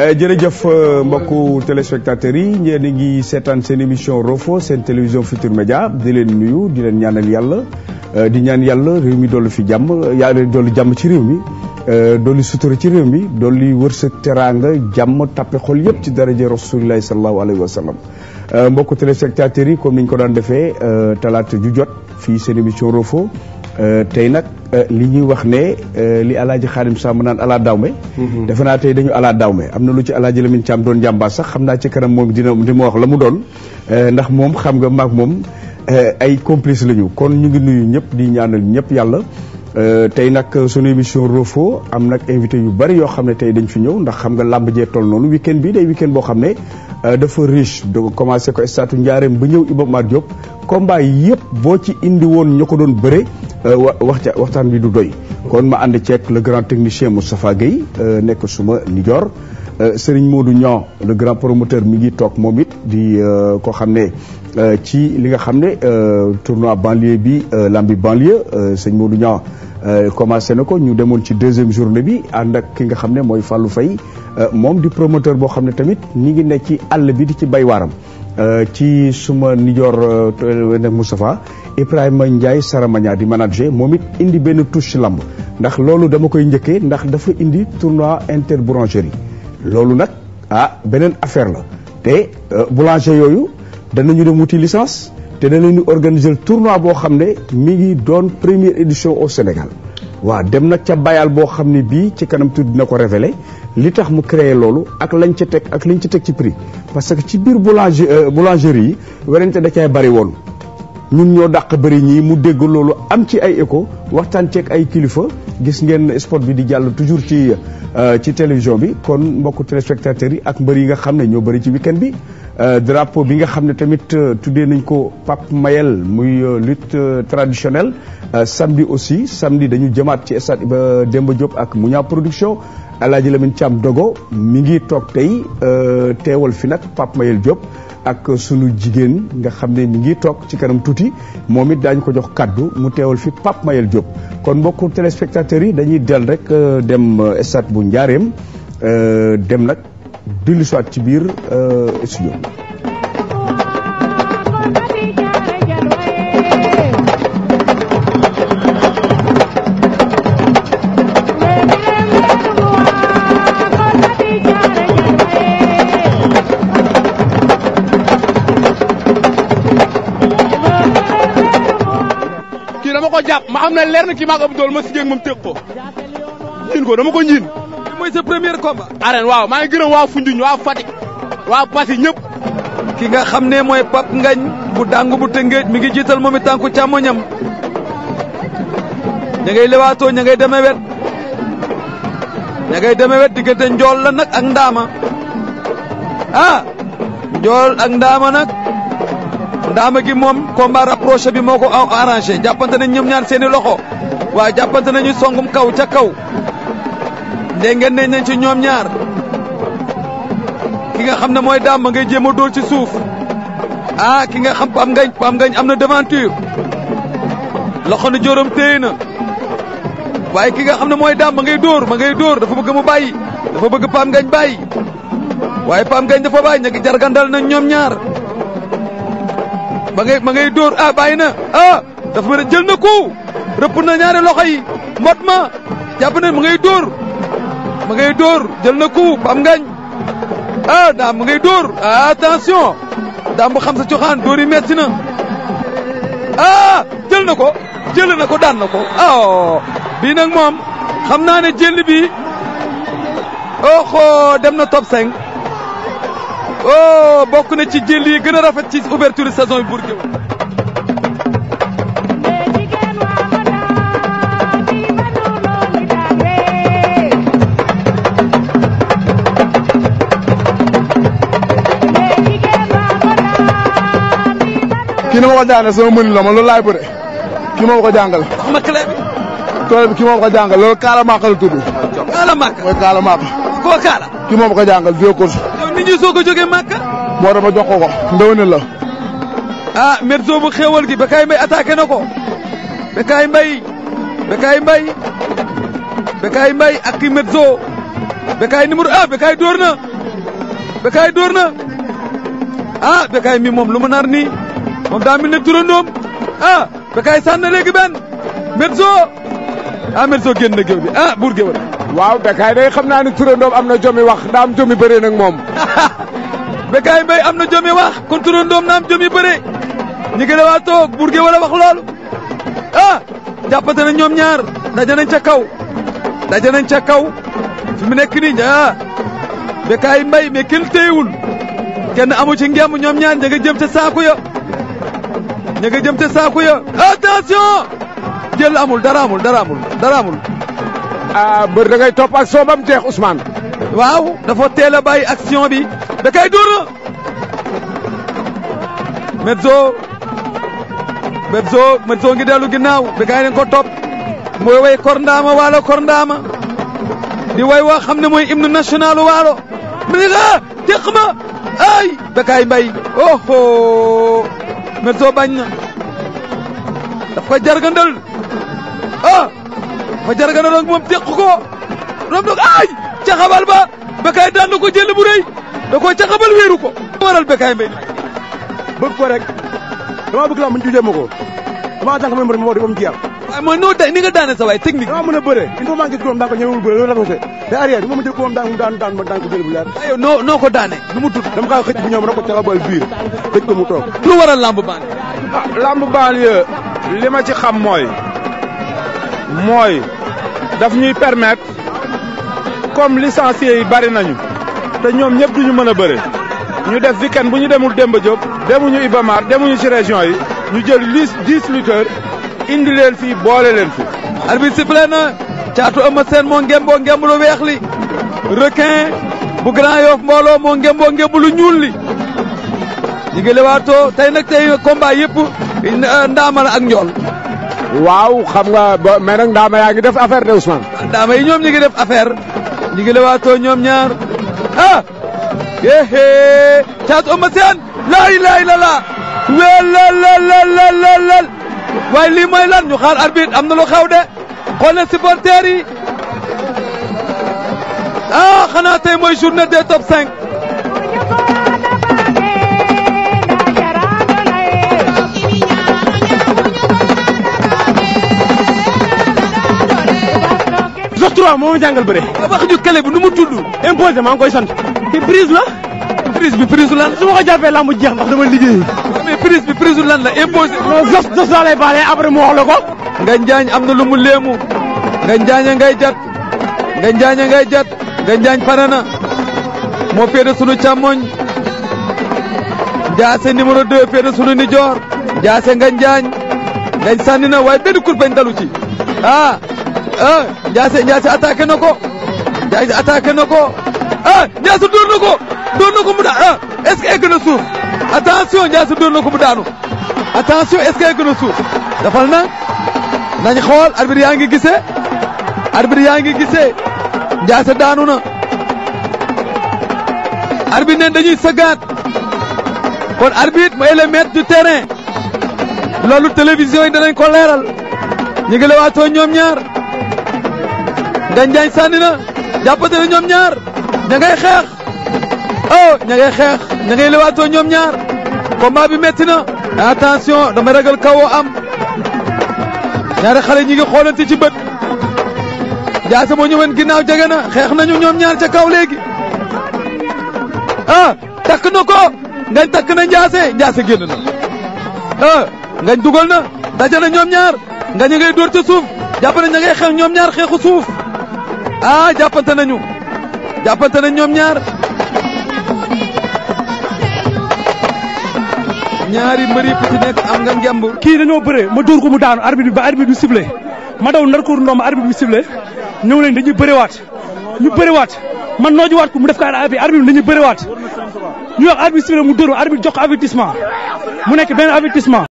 Eh, jërëjëf euh, mbokku téléspectateurs yi ngeen a ngi seetaan seen émission Rofo seen télévision Futur Média di leen nuyu di leen ñaanal yàlla euh, di ñaan yàlla réew mi dollu fi jàmm euh, yàlla dollu jàmm ci réew mi dolli sutura ci réew mi dolli wërsëg teraanga jàmm tappe xol yëpp ci daraja rasulillahi sallallahu alayhi wa sallam mbokku téléspectateurs yi comme ni ñu ko daan defee talaata ju jot fii seen émission Rofo Euh, tey nag euh, li ñuy wax ne euh, li alaaji xaadim sàmb naan alaa dawme mhm. defe naa tey dañu alaa dawme am na lu ci alaaji Lamine Thiam doon jàmbaas sax xam naa ci kanam moom dina di wax la mu doon ndax moom xam nga maag moom ay complice lañu kon ñu ngi nuyu ñëpp di ñaanal ñëpp yàlla tey nag sunu émission Roffo am nag invité yu bari yoo xam ne tey dañ fi ñëw ndax xam nga làmb jee toll noonu week-end bi day week boo xam ne Euh, dafa riche do commencé ko statu Njaareem ba ñëw Iba Mar Diop combat yëpp boo ci indi woon ña ko doon bëre euh, waxta waxtaan wi du doy kon ma ànd ceek le grand technicien Moustapha Guèye euh, nekk suma nijoor Euh, Serigne Modou Niang le grand promoteur mi ngi toog moom it di euh, ko xam ne euh, ci li nga xam ne tournoi banlieue bi lambi banlieue sëñ Modou Niang commencé na ko ñu demoon ci deuxième journée bi ànd ak ki nga xam ne mooy Fallou fay moom di promoteur boo xam ne tamit ñi ngi nekk ci àll bi di ci bay waaram ci suma nijoor Moustapha Ibrahima Ndiaye Saramania di manager moom it indi benn touche ci lamb ndax loolu dama koy njëkkee ndax dafa indi tournoi interbrancherie loolu nag ah beneen affaire la te euh, boulanger yooyu danañu dem wuti licence te danañu organiser tournoi boo xam ne mi ngi doon première édition au Sénégal waaw dem nag ca bayal boo xam ne bii ci kanam tuuti dina ko révélé li tax mu créer loolu ak lañ ca teg ak lañ ci teg ci prix parce que ci biir boulanger euh, boulangerie yi werante da cay bari woon ñun ñoo daq bari ñii mu dégg loolu am ci ay écho waxtaan ceeg ay kilifa gis ngeen sport bi di jàll toujours ci euh, ci télévision bi kon mbokku téléspectateurs yi ak mbër yi nga xam ne ñoo bari ci week-end bi euh, drapeau bi nga xam ne tamit euh, tuddee nañ ko Pape Mayel muy lutte traditionnelle samedi aussi samedi dañu jëmaat ci stade Demba Diop ak Mounia production Alaaji Lamine Thiam Dogo mi ngi toog tey euh, teewal fi nag Pape Mayel Diop ak sunu jigéen nga xam ne mi ngi toog ci kanam tuuti moom it daañu ko jox kaddu mu teewal fi Pape Mayel Diop. kon mbokku téléspectateurs yi dañuy del rek euh, dem euh, stade bu Njaareem dem nag dellusiwaat ci biir studio kii dama ko jàpp ma xam ne leer na kii maa ko ëpp ma si jéeg moom teg ko. ñiin ko dama ko ñiin. te mooy sa premier combat. arène waaw maa ngi waa Foundiougne waa Fatick waa Passy ñëpp. ki nga xam ne mooy Pape Ngagne bu dàngu bu tëngéej mi ngi jiital moom i tànku càmmoñam ña ngay lewaatoo ña ngay demee wet ña ngay demee wet diggante njool la nag ak ndaama ah njool ak ndaama nag. ndaama gi moom combat rapproché bi moo ko aw arrangé jàppante nañ ñaar seeni loxo waaye jàppante nañu songum kaw ca kaw ngeen nañ nañ ci ñoom ñaar ki nga xam ne mooy daama ngay jéem a dóor ci suuf ah ki nga xam pam ngañ pam ngañ am na devanture loxo nu jorom téye na waaye ki nga xam ne mooy daam ma ngay dóor ma ngay dóor dafa bëgg mu bàyyi dafa bëgg pam ngañ bàyyi waaye pam ngañ dafa bàyyi ña ngi jargandal nañ ñoom ñaar ma ngay ma ngay dóor ah na ah, dafa mel ne jël na ko rëpp na ñaari loxo yi mot ma jàpp na ma ngay dóor ma ngay dóor jël na ko Pape Ngagne ah daam ma ngay dóor ah, attention daam bu xam sa coxaan dóor yi na ah, jël na ko jël na ko daan na ko ah bii nag moom xam naa ne jël bi oh dem na top 5. oh bokk na ci jël yi gën a rafet ci ouverture saison yi Bour Gueweul kii na ma ko jàngal sama mën ma loolu laay bëre kii ma ko jàngal. ma clé bi. tool bi kii ma ko jàngal loolu kaala maaka la tudd. kaala maaka mooy kaala kaala. kii ma ko jàngal vieux course. nit ñi soo ko jógee Màkka. moo dama jox ko ko ndewenal la. ah bu xéewal gi Bécaye Mbaye attaqué na ko mbay Mbaye Bécaye Mbaye Bécaye Mbaye ak Merzo Bécaye numéro un Bécaye door na Bécaye door na ah Bécaye mi moom lu mu nar nii moom daa mel ne turandoom ah Bécaye sànn na léegi benn Merzo ah Merzo génn na géew bi ah buur géwal waaw Bécaye day xam naa ni turandoom am na jomi wax ndaa am jomi bëree nag moom Bécaye Mbaye am na jomi wax kon turandoom na am jomi bëree ñi ngi lewaatoo Bour Gueweul a wax loolu ah jàppante na ñoom ñaar daje nañ ca kaw daje nañ ca kaw fi mu nekk nii ah Bécaye Mbaye mais kenn téyewul kenn amu ci ngemb ñoom ñaar ña jëm ca saaku ya ña nga jëm ca saaku ya attention jël amul dara amul dara amul dara amul Ah, mbër da ngay topp action bam jeex Ousmane. waaw dafa teel a bàyyi action bi da koy dóor Medzo Medzo Medzo ngi dellu ginnaaw da ngay leen ko topp mooy way korndaama waalo korndaama di way woo xam ne mooy hymne national waalo mi ni xa teq ay da kay mbay oho bañ na daf ko jargandal ah fa jarga na roog moom teq ko roog doog ay caxabal ba Bécaye daan na ko jël bu rëy da koo caxabal wéeru ko waral Bécaye Mbaye bëgg ko rek dama bëgg laa mu jujee ma ko dama tànk may mbër moo di moom jeex mooy noo tey ni nga daane sa waay technique dama mën a bëre il faut maa gis ko daan ko ñëwewul bëre loolu rafet te arrière ma jël ko moom daan daan daan ko jël bu leer ah, noo ko daane nu mu tudd dama kaa xëcc bu ñoom ko caxabal biir tëj ko mu toog lu waral lamb baan ah lamb li ma ci xam mooy daf ñuy permettre comme licenciés yi bari nañu te ñoom ñëpp mën a bëre ñu def week-end bu ñu demul Demba Diop demuñu Ibamar demuñu ci région yi ñu jël lis dix lutteurs indi leen fii boole leen fi arbitre sifflé na caatu Eumeu Sène moo ngemboo ngemb lu weex li requin bu Grand Yoff mbooloo moo ngemboo ngemb lu ñuul li ñu ngi lewaatoo tey nag tey combat yëpp euh, ndaamala ak njool waaw xam nga ba mais nag ndaama yaa ngi def affaire de Ousmane. ndaama yi ñoom ñi ngi def affaire ñi ngi lewaatoo ñoom ñaar ah. yéhé caatu Eumeu Sène laa ilaaha illallaah welalalalalal waaye lii mooy lan ñu xaar arbitre am na lu xaw de xoolal supporters yi ah xanaa tey mooy journée des top 5. 3 moo ma jàngal bëre. wax ju kële bi nu mu tudd. imposé maa ngi koy sant. te prise la. prise bi prise lan. su ma ko jàppee làmb jeex ndax dama liggéey. mais prise bi prise lan la imposé. non jos jos laa lay baalee après mu wax la ko. nga njaañ am na lu mu léemu. nga njaañ ngay jat. jaañe njaañ ngay jat. nga jaañ pare na. moo féete sunu càmmoñ. Ndiassé numéro 2 féete sunu nijoor. jaase nga njaañ. nga sànni na waaye benn kur bañ dalu ci. ah. ah eh, Ndiassé Ndiassé attaqué na ko Ndiassé attaqué na ko ah eh, Ndiassé dóor na ko dóor na ko mu daanu ah eh, est ce que egg mu daanu attention est ce que dafal na nañ xool arbitre yaa ngi gisee arbitre yaa ngi gisee Ndiassé daanu na arbitre neen dañuy sëggaat kon arbitre mooy le maître du terrain loolu télévision yi danañ ko leeral ñu ngi ñoom ñaar Ngagne Ndiaye sànni na jàppante ne ñoom ñaar ña ngay xeex oh ña xeex ña ngay lewaatoo ñoom ñaar combat bi metti na attention damay ragal kawoo am ñaari xale ñi ngi xoolante ci bët jaase moo ñëwoon ginnaaw jege na xeex nañu ñoom ñaar ca kaw léegi ah, takk na ko ngañ takk na jaase jaase génn na ah, ngañ dugal na daje na ñoom ñaar nga a ngay dóor ca suuf jàpp na ña xeex ñoom ñaar xeexu suuf ah jàppante nañu jàppante nañ ñoom ñaar ñaari mbër yëpp nekk am nga ngemb. kii dañoo bëre ma dóor ko mu daanu arbitre bi ba arbitre bi sifflé ma daw nar ko ndoom arbitre bi sifflé ñëw leen dañuy bëriwaat ñu bëriwaat man nooju waat ku mu def ko ay arbitre bi dañuy bëriwaat ñu wax arbitre sifflé mu dóor arbitre jox ko avertissement mu nekk benn avertissement.